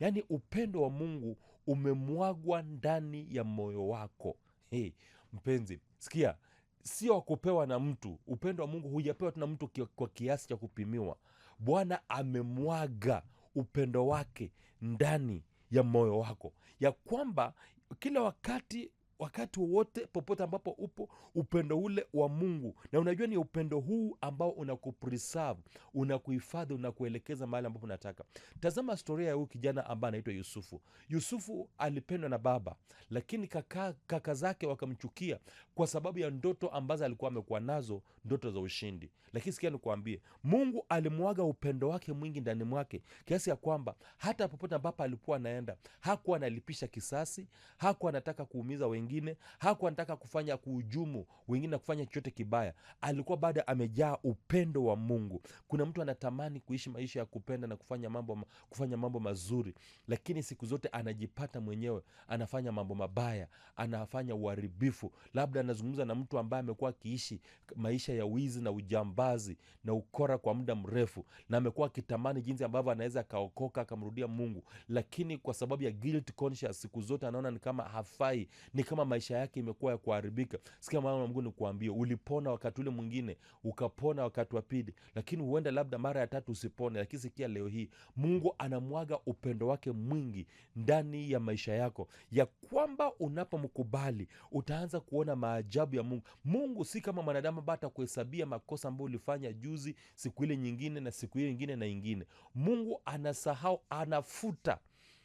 yaani upendo wa mungu umemwagwa ndani ya moyo wako hey, mpenzi sikia sio wakupewa na mtu upendo wa mungu hujapewa tu na mtu kwa kiasi cha kupimiwa bwana amemwaga upendo wake ndani ya moyo wako ya kwamba kila wakati wakati wowote popote ambapo upo upendo ule wa mungu na unajua ni upendo huu ambao unakupreserve unakuhifadhi unakuelekeza mahali ambapo unataka tazama historia ya huyu kijana ambaye anaitwa yusufu yusufu alipendwa na baba lakini kaka, kaka zake wakamchukia kwa sababu ya ndoto ambazo alikuwa amekuwa nazo ndoto za ushindi lakini sikia nikuambie mungu alimwaga upendo wake mwingi ndani mwake kiasi ya kwamba hata popote ambapo alikuwa anaenda hakuwa analipisha kisasi hakuwa anataka kuumiza wengi wengine, hakuwa anataka kufanya kuhujumu wengine na kufanya chochote kibaya. Alikuwa bado amejaa upendo wa Mungu. Kuna mtu anatamani kuishi maisha ya kupenda na kufanya mambo, kufanya mambo mazuri, lakini siku zote anajipata mwenyewe anafanya mambo mabaya, anafanya uharibifu. Labda anazungumza na mtu ambaye amekuwa akiishi maisha ya wizi na ujambazi na ukora kwa muda mrefu, na amekuwa akitamani jinsi ambavyo anaweza akaokoka akamrudia Mungu, lakini kwa sababu ya guilt conscious, siku zote anaona ni kama hafai, ni kama kama maisha yake imekuwa ya kuharibika. Sikia mwana wa Mungu nikuambie, ulipona wakati ule mwingine, ukapona wakati wa pili, lakini huenda labda mara ya tatu usipone. Lakini sikia leo hii, Mungu anamwaga upendo wake mwingi ndani ya maisha yako, ya kwamba unapomkubali utaanza kuona maajabu ya Mungu. Mungu si kama mwanadamu ambaye atakuhesabia makosa ambayo ulifanya juzi, siku ile nyingine, na siku hiyo ingine na ingine. Mungu anasahau, anafuta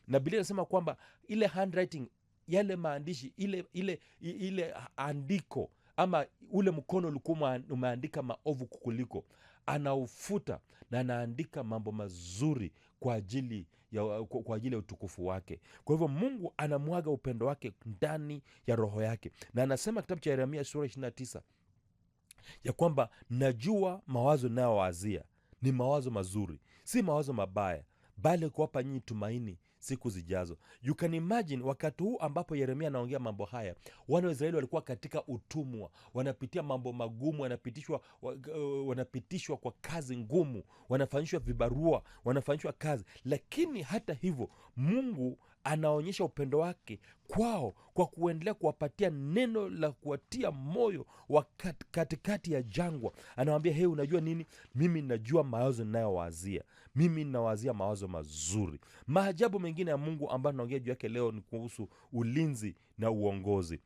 na bilia inasema kwamba ile handwriting yale maandishi ile ile ile andiko ama ule mkono ulikuwa umeandika maovu kukuliko anaufuta na anaandika mambo mazuri kwa ajili ya, kwa ajili ya utukufu wake kwa hivyo mungu anamwaga upendo wake ndani ya roho yake na anasema kitabu cha yeremia sura 29 ya kwamba najua mawazo inayowazia ni mawazo mazuri si mawazo mabaya bali kuwapa nyinyi tumaini siku zijazo you can imagine wakati huu ambapo yeremia anaongea mambo haya wana wa israeli walikuwa katika utumwa wanapitia mambo magumu wanapitishwa uh, wanapitishwa kwa kazi ngumu wanafanyishwa vibarua wanafanyishwa kazi lakini hata hivyo mungu anaonyesha upendo wake kwao kwa kuendelea kuwapatia neno la kuwatia moyo wa katikati ya jangwa anawambia hei unajua nini mimi najua mawazo ninayowazia mimi nawazia mawazo mazuri maajabu mengine ya Mungu ambayo tunaongea juu yake leo ni kuhusu ulinzi na uongozi.